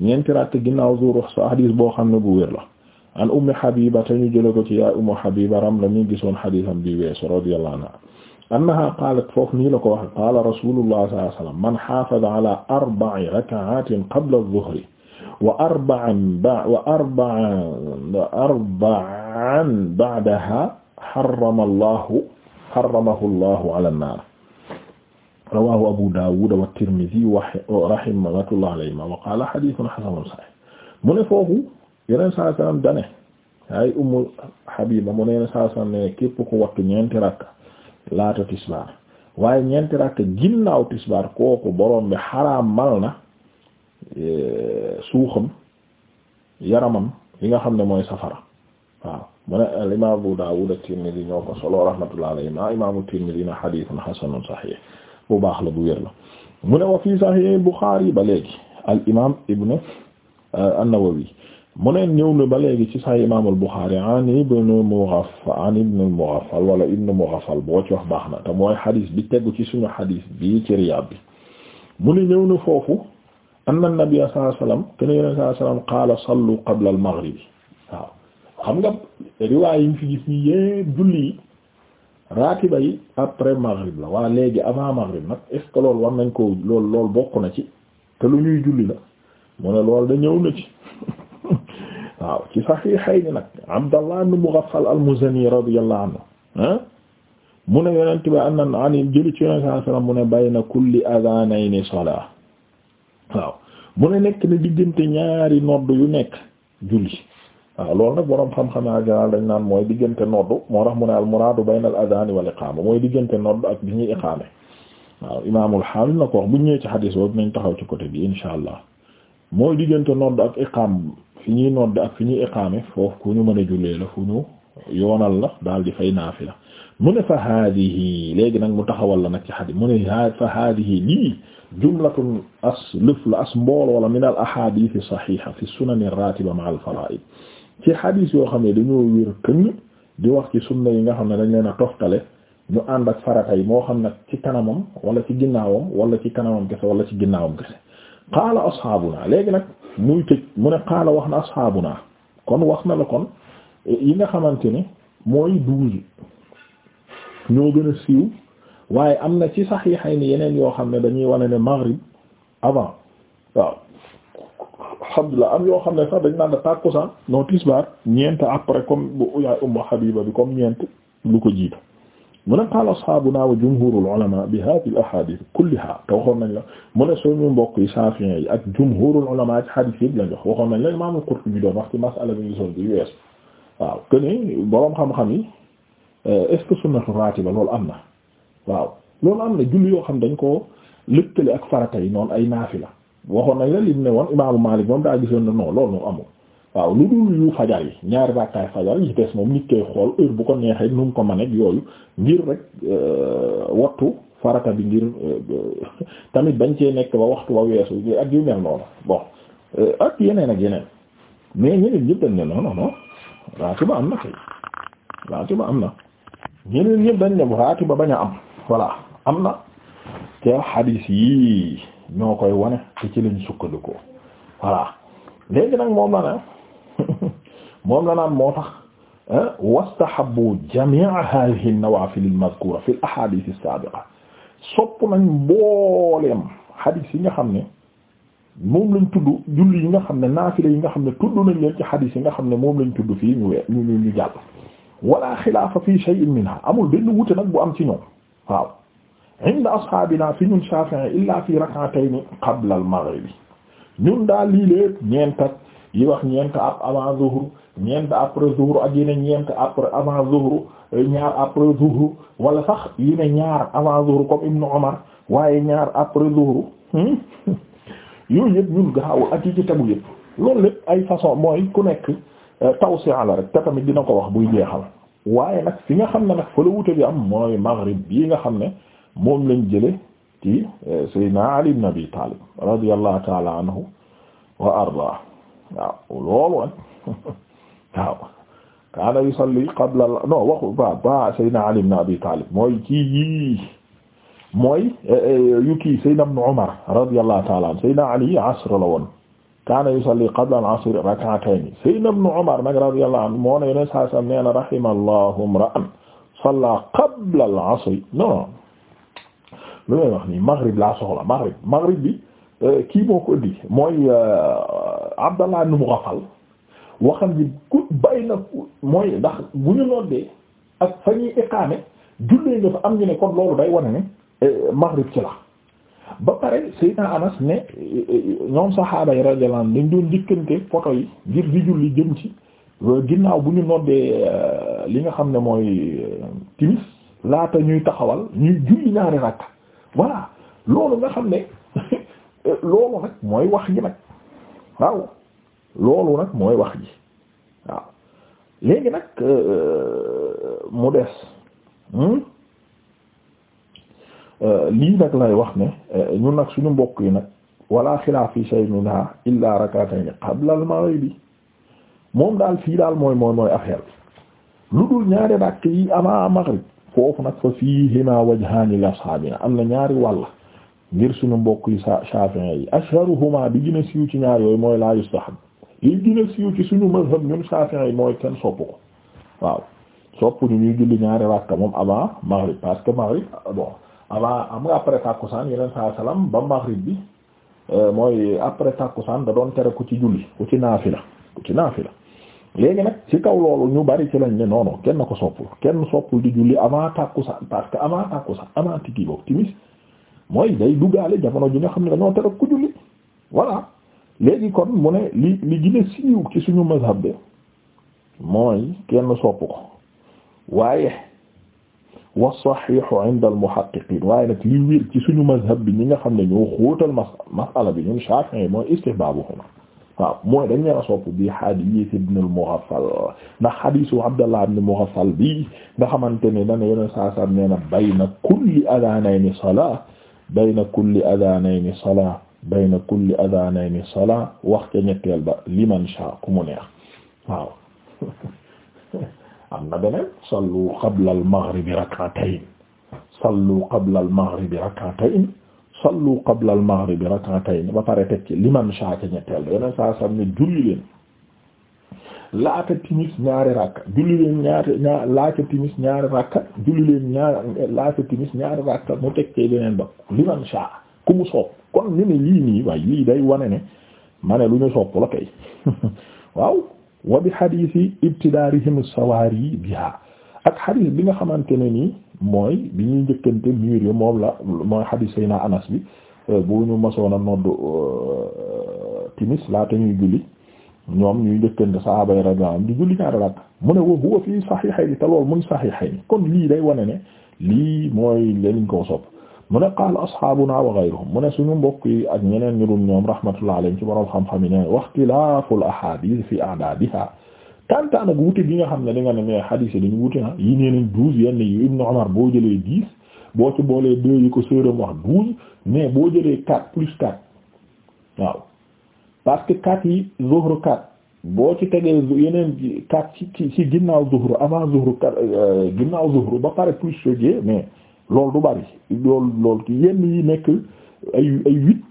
ñeenti rakk ginnaaw zuur sa hadis boo xam ne bu wér la an ummi habiba te ñu jële ko ci yaay ummu habiba ramla mi gisoon hadisam bi weesu radiyallahu anha annaha qaalat foofu nii la ko waxe qaala rasulullah sallallahu alayhi wasallam man haafada ala arba'i rak'atin qabla adh-dhuhri wa arba'an ba wa arba'an arba'an ba'daha harrama allahu harramahu allahu ala an-nar rawahu abu dawud wa tirmidhi wa rahimahullah alayhima wa qala hadithun hasanun sahih mu foofu yeneen saa dane ay ummu habiba mu ne yeneen ne képp ko wattu ñeenti laata tisbaar waaye ñeenti rakka ginnaaw tisbaar kooku borom bi xaraamal na e, suuxam yaramam li nga xam ne mooy safara waaw mu ne al abu dawud at ñoo ko solo rahmatullah alayhi ma imam at na hadithun hasanun sahih bu baax la bu wér la mu ne wa fii sahih Bukhari ba léegi al imaam ibn euh, an-Nawawi mu ne ñëw na ba léegi ci sahih imaam al Bukhari an ibn Mughaffal an ibn Mughaffal wala ibn Mughaffal boo ci wax baax na te mooy xadis bi tegu ci suñu xadis bii ci Riyaad bi mu ne ñëw na foofu an nabiyya sallallahu alayhi wasallam kana yonent sallallahu alayhi wasallam qaala sallu qabla al maghrib waaw xam nga riwaay yi fi gis nii yépp julli raatiba yi après maghrib la waa léegi avant maghrib nag est ce war nañ ko lool lool bokk na ci te lu ñuy julli la mu ne lool da ñëw na ci waaw ci saxiixayni nag Abdallah ibn Mughaffal al-Muzani radiyallahu anhu ah mu ne yonent bi an nan mu ne bayna kulli adhanayni salaa waaw mu ne nekk ne diggante ñaari nodd yu nekk julli waaw loolu nag boroom xam-xam en général dañ naan mooy diggante nodd moo tax mu ne al muraadu bayna al adaan wal mooy diggante nodd ak bi ñuy iqaame waaw imaamul xaamil na ko wax ñëwee ci xadiis boobu nañ taxaw ci côté bi insha allah mooy diggante nodd ak iqaam fi ñuy nodd ak fi ñuy iqaame foofu ku ñu mën a jullee la fu ñu yoonal la daal di fay naafila mu ne fa haadihi léegi nag mu taxawal la nag ci xadiis mu ne fa haadihi lii jumlatun as lëf la as mbool wala min al ahaadiisi saxiixa fi sunani raatiba ma al ci hadis yoo xam ne dañoo wér këng di wax ci sunna yi nga xam ne dañ leen a toftale ñu ànd ak farata yi moo xam nag ci kanamam wala ci ginnaawam wala ci kanamam kese wala ci ginnaawam kese qaala ashaabuna léegi nag muy tëj mu ne wax na ashaabuna kon wax na la kon yi nga xamante ne mooy yi ñoo gën a siiw waaye am na ci saxiixay ni yeneen yoo xam ne dañuy wane ne maghrib avant waaw alhamdulilah am yoo xam ne sax dañ naan tàkkusaan non tisbaar ñeent après comme bu yaay Ummu Habiba bi comme ñeent lu ko jiitu mu ne qaala ashaabuna wa jumhurul ulama bi haadihi al ahadith kulliha te waxoon nañ la mu suñu mbokk yi Shafi'i yi ak jumhurul ulama ci hadith yëpp lañ wax waxoon nañ la Imam al-Qurtubi doon wax ci mas'ala bi ñu sol bi wees waaw que boroom xam-xam yi euh, est-ce sunnatu raatiba loolu am na waaw loolu am na julli yoo xam dañ ko lëkkale ak farata yi noonu ay naafila waxoon nañ la lim ne woon imaamu Maalik moom daa gisoon ne non loolu moom amul waaw lu dul yu fajar yi ñaari rakkaay fajar yi des moom nit koy xool heure bu ko neexee nu mu ko mën ak yooyu ngir rek euh, wattu farata bi ngir euh, tamit bañ cee nekk ba waxtu ba weesu ak yu mel noonu bon euh, ak yeneen ak yeneen mais ñeneen ñëpp dañ ne non non non raatiba am na kay raatiba am na ñeneen ñëpp dañ ne ba bañ a am voilà am na te xadiis yi. ñoo koy wane te ci lañ sukkandikoo voilà léegi nag moom la ne moom la naan moo tax wastahabu jami'a hadhihi an-nawafil al-mazkura fi al-ahadith as-sabiqa sopp nañ mbooleem hadith yi nga xam ne moom lañ tudd julli yi nga xam ne naafile yi nga xam ne tudd nañ leen ci hadith yi nga xam ne moom lañ tudd fii ñu weer ñu ñu jàll wala xilaafa fii shay'in minha amul benn wute nag bu am ci ñoom waaw inda ashaabina fi ñun Shafi'i illa fi rak'atayn qabla al-maghrib daal lii lépp ñeent ak yi avant zuhr ñeent après zuhr ak yi ñeent après avant zuhr ñaar wala sax yi ñaar avant zuhr waaye ñaar après zuhr hmm? yooyu yëpp ñun gaawul ak yi ci tegu yëpp loolu lépp ay façon mooy ku nekk euh, tawsi'a la rek te tamit dina ko wax buy jeexal waaye nag fi nga xam ne nag fa la wute bi am mooy maghrib bii nga xam ne. moom lañ jële ci euh, Seydina Ali ibn Abi Talib radiyallahu ta'ala anhu wa ardaa waaw loolu wan waaw kaana yusalli qabla non waxu ba ba Seydina Ali ibn Abi Talib mooy kii yii mooy euh, euh, yu kii Seydina ibn Umar radiyallahu ta'ala anhu Seydina Ali asr la woon kaana yusalli qabla al-asri rak'atayni Seydina ibn Umar nag radiyallahu anhu moo ne yoneen saa sam nee na rahimallahu imra'an salla qabla al-asri non lu may wax nii maghrib laa soxla maghrib maghrib bi euh, kii moo ko indi mooy euh, Abdallah ibn Mughaffal waxam ji ku bay na mooy ndax bu ñu noddee ak fa ñuy iqaame jullee nga fa am ñu ne kon loolu day wane ne euh, maghrib ci la ba pare Seydina Anas ne ñoom saxaaba yi radiyallahu dañ doon njëkkante poto yi ngir di julli jëm ci ginnaaw bu ñu noddee li nga xam ne mooy timis laata ñuy taxawal ñuy julli ñaari rakk voilà loolu nga xam ne loolu nag mooy wax ji nag waaw loolu nag mooy wax ji waaw léegi nag euh, mu des hmm? euh, lii nag lay wax ne euh, ñun nag suñu mbokk yi nag wala xilaaf fi shay minha illa rak'atayn qabla al-maghribi moom daal fii daal mooy mooy mooy affaire lu dul ñaari rakk yi ama maghrib foofu nag fa fiihima wajhaani li ashaabina am na ñaari wàll ngir suñu mbokk yu sa Shafi'i yi ashharuhuma bi gën a siiw ci ñaar yooyu mooy laa yustahab li gën a siiw ci suñu mazhab ñun Shafi'i yi mooy kenn sopp ko waaw sopp ñu ñuy julli ñaari rakka moom avant maghrib parce que maghrib bon avant am nga après tàkkusaan yeneen saa salaam ba maghrib bi euh, mooy après tàkkusaan da doon tere ku ci julli ku ci naafila ku ci naafila léegi nag ci kaw loolu ñu bari ci lañ ne non kenn ko soppul kenn soppul di julli avant tàkkusaan parce que avant tàkkusaan avant tiki boobu mooy day duggaale jamono ji nga xam ne dañoo tere ku julli voilà léegi kon mu ne li li gën siiw ci suñu mazhab bi mooy kenn sopp ko waaye wa sahihu inda al muhaqqiqin waaye nag li wér ci suñu mazhab bi ñi nga xam ne ñu ñoo xóotal masala bi ñu ñun Shafi'i mooy istihbaabuhuma waaw mooy dañ leen a sopp bi hadith ibn al-Mughaffal ndax hadisu Abdallah ibn al-Mughaffal bi nga xamante ne dana yeneen saa saa nee na bayna kulli adhanayni salaa bayna kulli adhanayni salaa bayna kulli adhanayni salaa wax ca ñetteel ba liman sha ku mu neex waaw am na beneen sallu qabla al-maghribi rak'atayn sallu qabla al-maghribi rak'atayn sallu qabla al maghrib rak'atayn ba pare teg ci liman shaaka ñetteel yeneen saa sam ne julli leen laata timis ñaari rakka julli leen ñaari ñaar laata timis ñaari rakka julli leen ñaar laata timis ñaari rakka mu teg ci ba liman shaa ku mu sopp kon ñu ne lii nii lii day wane ne ma ne lu ñu sopp la kay waaw wa bi hadiisi ibtidaarihim as-sawaari biha ak xadis bi nga xamante ne nii mooy bi ñuy njëkkante mur yi moom la mooy xadis naa Anas bi euh, bu ñu masoon a nodd euh, timis laata ñuy julli ñoom ñuy njëkkante sahaaba yi radiyallahu anhum di julli ñaari rakk mu ne wa huwa fii saxiixayni kon lii day wane ne lii mooy leen ko sopp mu ne qaala ashaabuna wa suñu mbokk yi ak ñeneen ñu ñoom rahmatullahi ci borom xam yi ne waxtilaaful ahaadiis fi a'daadihaa tant nag wute bi nga xam ne da ne mais hadith yi dañu wute ah yi nee nañ douze yenn yi Ibn Umar boo jëlee dix boo ci boolee deux yi ko sëram wax douze mais boo jëlee quatre plus quatre waaw parce que quatre yi zuhru quatre boo ci tegee yeneen quatre ci ci ginnaaw zuhru avant zuhru quatre euh, ginnaaw zuhru ba pare plus sojee mais lool du bari loolu loolu yenn yi nekk ay ay huit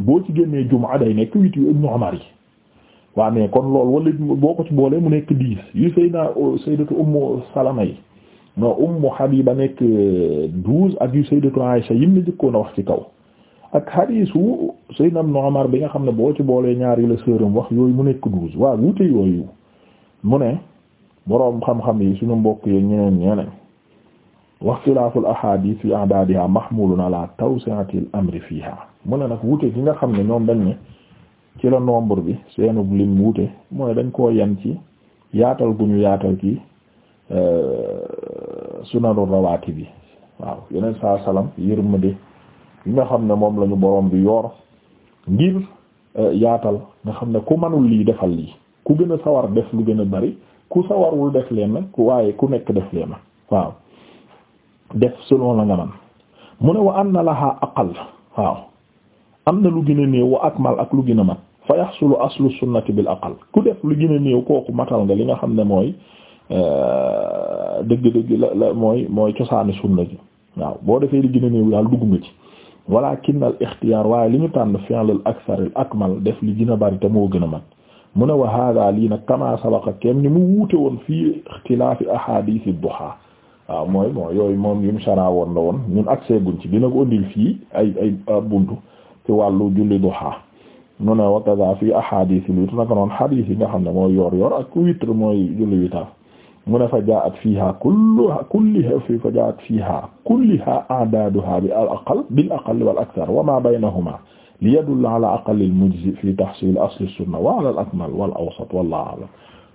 boo ci génnee jumaa day nekk huit yu Ibn Umar yi. waa mais kon loolu wala boo ko ci boolee mu nekk dix yu Seydina euh, Sayyidatu Ummu Salama yi non Ummu Habiba nekk euh, douze ak yu Sayyidatu Aisha yim na jëkkoon a wax ci kaw ak hadiisu Seydina Ibn Umar bi nga xam ne boo ci boolee ñaari yi la sëram wax yooyu mu nekk douze waaw wuute yooyu mu ne boroom xam-xam yi suñu mbokk yi ñeneen ñeneen wax ixtilaaful ahaadiis fi a'daadihaa naa laa tawsi'atil amri fiihaa mu ne nag wuute ki nga xam ne ñoom dañ ne ci la nombre bi seenu lim wuute mooy dañ koo yan ci yaatal gu ñu yaatal ci euh, sunanu rawaati bi waaw yeneen saa salaam yërmande yi nga xam ne moom lañu borom bi yoor ngir euh, yaatal nga xam ne ku manul lii defal lii ku gën a sawar def lu gën a bari ku sawarul def leen ku waaye ku nekk def leen waaw def selon la nga man mu ne wa anna laha aqal waaw am na lu gën a néew wa akmal ak lu gën a mat fa yaxsulu aslu sunnati bil aqal ku def lu gën a néew kooku matal nga li nga xam ne mooy euh, dëgg-dëgg la la mooy mooy cosaani sunna ji waaw boo defee lu gën a néew daal dugg nga ci walakin al ixtiyaar waaye li ñu tànn fi'l al akthar al akmal def li gën a bari te moo gën a mat mu ne wa hada lii nag kama sabaqa kenn ni mu wuute woon fii ixtilaafi ahadith ad-duha waaw mooy mooy yooyu moom yim shara woon la woon ñun accès guñ ci dina ko ëndil fii ay ay buntu ci wàllu julli duha mu ne wa kaza fi ahadith li tu naka noon nga xam ne mooy yor yor ak witr mooy julli witar mu ne fa jaat fiha kulluha kulliha fi fa jaat fiha kulliha a'daduha bi al aqal bil aqal wal akthar wa ma baynahuma li fi tahsil asl sunna wa ala al akmal a'lam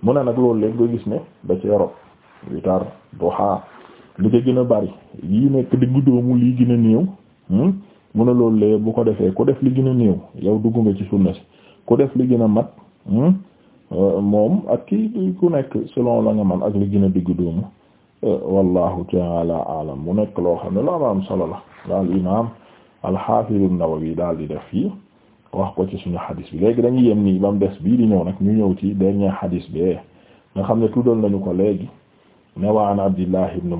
mu ne nag loolu léegi nga gis ne da ci a bari yi nekk diggu doomu lii gën a néew hmm? mu ne loolu léegi bu ko defee ku def li gën a néew yow dugg nga ci sunna si ku def li gën a mat hmm, euh, moom ak kii ku nekk selon la nga man ak li gën a digg doomu euh, wallahu taala alam mu nekk loo xam ne lu am am solo la daal imaam al-Hafiz an-Nawawi daal di def fii wax ko ci suñu xadis bi léegi dañuy yem nii ba des bii di ñëw nag ñu ñëw ci dernier xadis bee nga xam ne tuddal nañu ko léegi ne wa an Abdillah ibn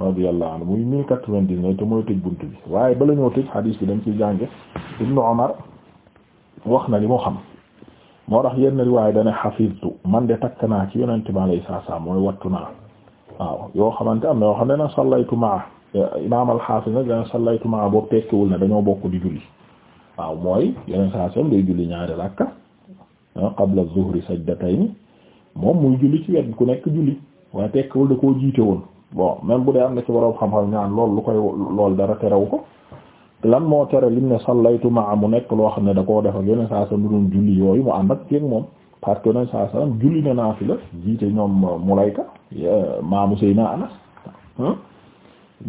radiyallahu anhu muy mille quatre-vingt-dix-neuf te mooy tëj bunt bi waaye bala ñoo tëj hadis bi dañ ciy jànge ibnu Umar wax na li mu xam moo tax yenn riwaay dane xafiztu man de takk naa ci yonente bi alayhi salaam mooy wattu naa waaw yoo xamante am na yoo xam ne na sallaytu maa imaam al-Hafiz nag dana sallaytu maa boobu tekkiwul ne dañoo bokk di julli waaw mooy yeneen saa soxna day julli ñaari rakka ah qabla zuhri sajdatayni moom muy julli ci wet ku nekk julli waaye jiite woon. bon même bu dee am na ci boroom xam-xam ñaan lool lu koy lool dara terewu ko lan moo tere lim ne sallaytu maa mu nekk loo xam ne da koo defal ak yeneen saa sa julli yooyu mu ànd ak kéeg moom parce que saa sa julli na naafila jiite ñoom mulayka maamu Seyna Anas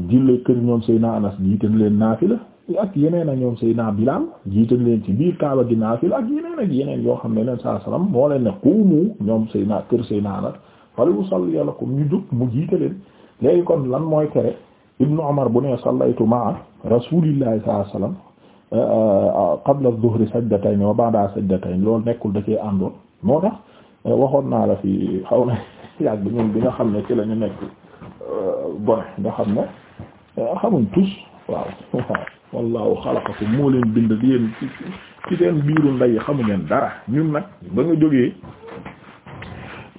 julli kër ñoom Seyna Anas jiite leen naafila ak yeneen ak ñoom Seyna Bilaal jiite leen ci biir Kaaba gi naafila yeneen ak yeneen yoo xam ne yeneen saa salaam moo leen ne xuumu ñoom Seyna kër Seyna Anas fali usalli lakum ñu jóg mu jiite leen. léegi kon lan mooy tere ibnu Umar bu ne sallaytu ma'a rasulillahi sallallahu alayhi wasallam euh, euh, qabla adh-dhuhri sajdatayn wa ba'da sajdatayn loolu nekkul da cee àndoon moo tax euh, waxoon naa la fi xaw na yàgg bi ñun bi nga xam ne ci lañu ñu nekk bone nga xam ne xamuñ tous waaw wallahu xalaqakum moo leen bind di yéen ci ci biiru ndey xamu ngeen dara ñun nag ba nga jógee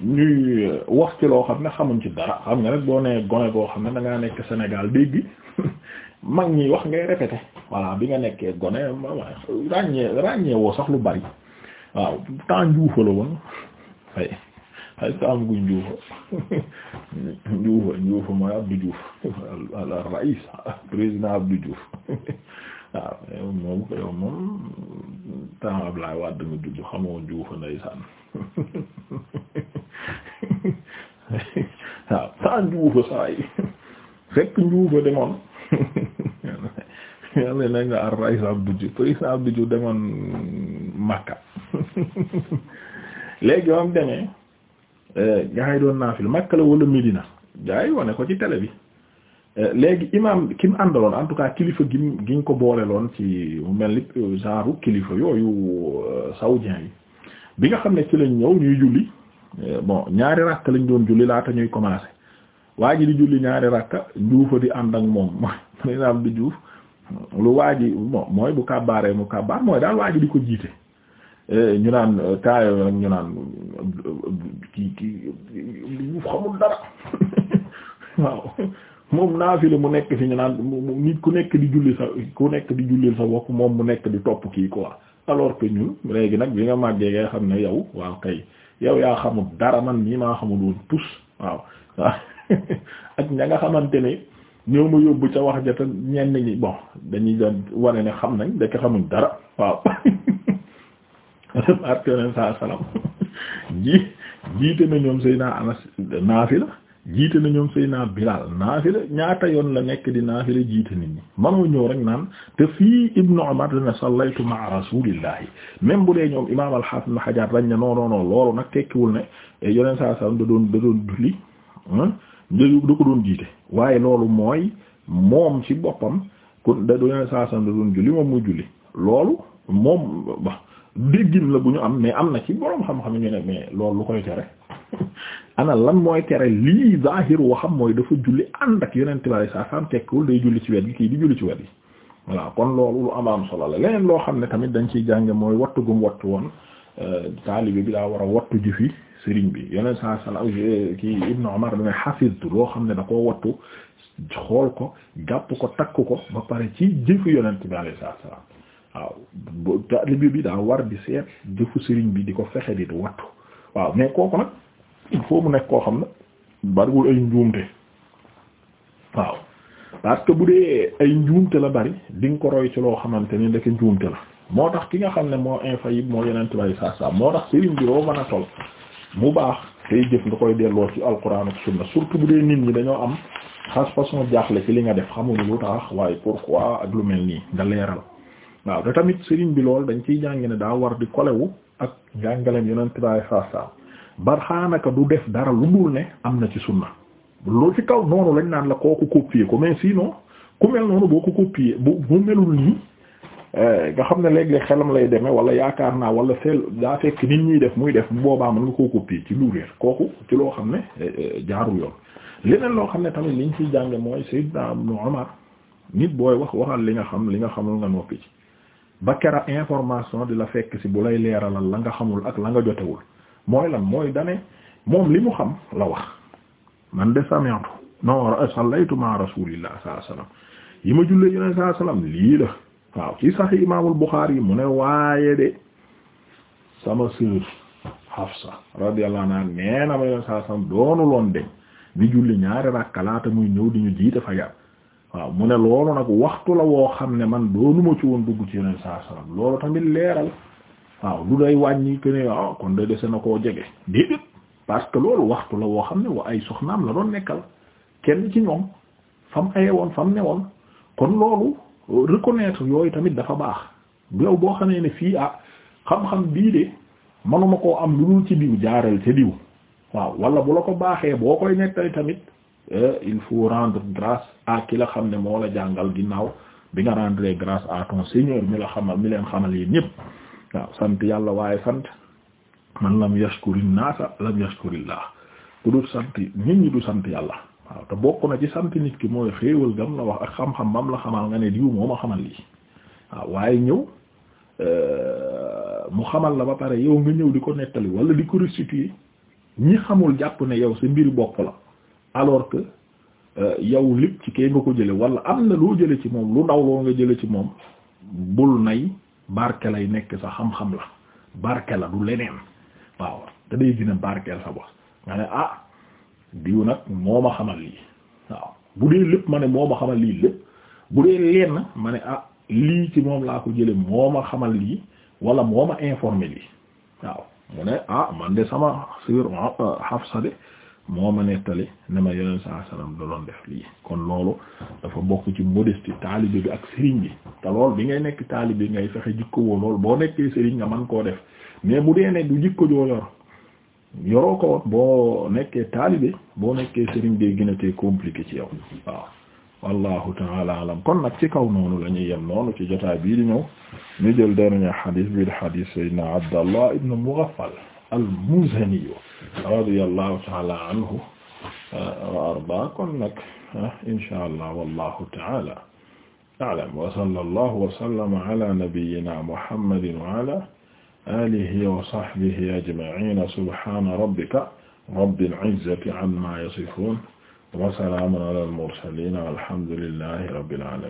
ñuy euh, wax ci loo xam ne xamuñ ci dara xam nga rek boo nee gone goo xam ne da ngaa nekk Sénégal dégg mag ñi wax ngay répéter voilà bi nga nekkee gone ràññee ràññee sax lu bari waaw temps njuufa la woon ay temps njuufa njuufa mooy Abdou Diouf rais président Abdou Diouf waaw moom ko yow moom temps Ablaye Wade nga judd xamoo juufa ndeysaan waaw temps juufa saa fekk juufa demoon yàlla nañ nga ar rais Abdou Diouf président Abdou Diouf demoon Makka léegi ba mu demee eh, doon naafil Makka la wala Medina gaa yi wane ko ci télé bi léegi imam ki mu àndaloon en tout kilifa gi giñ ko booleloon ci mu mel ni euh, genre kilifa yooyu euh, saoudien yi bi nga xam ne ci lañ ñëw ñuy julli euh, bon ñaari rakk lañ doon julli laata ñuy commencé waa ji di julli ñaari rakka juufa di ànd ak moom mooy par exemple di juuf lu waa bon mooy bu kàbbaaree mu kàbbaar mooy daal waa di ko jiite ñu naan taayo nag ñu naan kii kii xamul dara waaw moom naafile mu nekk fi ñu naan nit ku nekk di julli sa ku nekk di jullil sa bopp moom mu nekk di topp kii quoi alors que ñun léegi nag bi nga màggee nga xam ne yow waaw kay yow yaa xamul dara man mii maa xamul woon tus waaw ak ña nga xamante ne ñoo ma yóbbu ca wax jota ñenn ñi bon dañuy doon wane ne xam nañ dëkk xamuñ dara waaw parce que saa salaam ji jiite na ñoom Seydina Anas naafila jiite la ñoom naa bilaal naafila ñaata yoon la nekk di naafila jiite nit ñi manoo ñëw rek naan te fii Ibnu Umar dana sallaytu ma'a rasulillahi même bu dee ñoom imaam al-Hasan ibn Hajar dañ ne loolu nag tekkiwul ne eh, yoneen saa sallam doon da doon julli da waaye loolu mooy moom ci boppam kon da yoneen saa sallam da doon julli moom mu julli loolu moom déggin la bu ñu am mais am na ci boroom xam-xam ñu ne mais loolu lu koy tere ana lan mooy tere lii zahiru waxam mooy dafa julli ànd ak yonent bi saa saam tekkiwul day julli ci wet gi kii di julli ci wet gi voilà kon loolu lu am am la leneen loo xam ne tamit dañ ciy jànge mooy wattu gum wattu woon euh, taalibe bi daa war a wattu ji fi sëriñ bi yeneen saa sala kii Ibnu Umar dane xafisdu xam ne da koo ko jàpp ko takk ko ba pare ci jëfu yonent bi bi daa war di seet jëfu sëriñ bi di ko fexe di wattu waaw mais kooku nag il faut nekk koo xam ne bariwul ay njuumte waaw parce bu dee ay njuumte la bari di nga ko roy ci loo xamante ni ndeke njuumte la moo tax ki nga xam ne moo infaillible moo yeneen tubaab yi moo tax sëriñ mën a toll mu baax tey jëf koy delloo ci alquran ak surtout bu dee nit ñi dañoo am xas façon jaaxle ci li nga def xamuñu lu tax waaye pourquoi ak lu mel nii nga leeral waaw te tamit sëriñ bi lool dañ ciy jàng ne daa war di kolewu ak njàngaleem yeneen tubaab yi ba xaanaka du def dara lu dul ne am na ci sunna loolu ci kaw noonu lañ naan la kooku copier ko mais sinon ku mel noonu boo ko copier bu bu melul nii eh, nga xam ne léeg-léeg xelam lay demee wala yaakaar naa wala feel daa fekk nit ñuy def muy def boobaa mën nga koo copier ci lu réer kooku ci loo xam ne eh, eh, jaaru yoon leneen loo xam ne tamit liñ ciy jànge mooy Sayyidna Ibnu Umar nit booy wax waxal li nga xam li nga xamul nga noppi ci ba kera information di la bu lay leeralal la nga xamul ak la nga jotewul mooy la mooy dane moom li mu xam la wax man de sami'tu non sallaytu ma rasulillah sallallahu yi ma jullee yoneen sallallahu alayhi wasallam lii la waaw ci sahih imaamul Bukhari yi mu ne waaye de sama sœur Hafsa radiyallahu anha nee na ma yoneen sallallahu alayhi wasallam doonu loon deñ di julli ñaari rakka laata muy ñëw di ñu jiite fajar waaw mu ne loolu nag waxtu la woo xam ne man doonuma ci woon dugg ci yoneen sallallahu alayhi loolu tamit leeral waaw du day wàññi que waaw ah kon de dese na koo jege déedéet parce que loolu waxtu la woo xam ne woo ay soxnaam la doon nekkal kenn ci ñoom fam aye woon fam ne woon kon loolu reconnaître yooyu tamit dafa baax yow boo xamee ne fii ah xam-xam bii de manuma koo am lu dul ci diw jaaral ci diw waaw wala bu la ko baaxee boo koy nettali tamit eh, il faut rendre grâce à ki la xam ne moo la jàngal ginnaaw bi nga rendre grâce à ton seigneur mi la xamal mi leen xamal yéen waaw sant yàlla waaye sant man lam yashkuri naasa lam yashkurillah ku dul sant nit ñi du sant yàlla waaw te bokk na ci sant nit ki mooy xéewal gam la wax ak xam-xam bam la xamal nga ne diw moo ma xamal lii waaw waaye ñëw euh, mu xamal la ba pare yow nga ñëw di ko nettali wala di ko restituer ñi xamul jàpp ne yow si mbir bopp la alors que euh, yow lépp ci kee nga ko jële wala am na loo jële ci moom lu ndaw loo nga jële ci moom bul nay barke lay nekk sa xam-xam la barke la du leneen waaw te day gën a barkeel sa bopp nga ne ah diw nag moo ma xamal lii waaw bu dee lépp ma ne moo ma xamal lii lépp bu dee lenn ma ne ah lii ci moom laa ko jële moo ma xamal lii wala moo ma informé lii waaw mu ne ah man de sama sœur ah, Hafsa de moo ma nettali ne ma yoneen sa salaam da doon def lii kon loolu dafa bokk ci modestie taalibe bi ak sëriñ bi te lool bi ngay nekk taalibe bi ngay fexe jikko woo loolu boo nekkee sëriñ nga man koo def mais bu dee ne du jikko joo yor yoroo ko woon boo nekkee taalibe boo nekkee sëriñ dee gën a tee compliqué ci yow waaw wallahu taala alam kon nag ci kaw noonu la ñuy yem noonu ci jotaay bii di ñëw ñu jël dernier xadiis bii di xadiis sayyidina Abdallah ibn Mughaffal al-Muzani radiyallahu ta'ala anhu wa arda kon nag insha Allah wallahu ta'ala a'lam wa sallallahu wa sallama ala nabiyyina Muhammadin wa ala alihi wa sahbihi ajma'in subhana rabbika rabbil izzati amma yasifun wa salamun ala al-mursalin walhamdulillahi rabbil alamin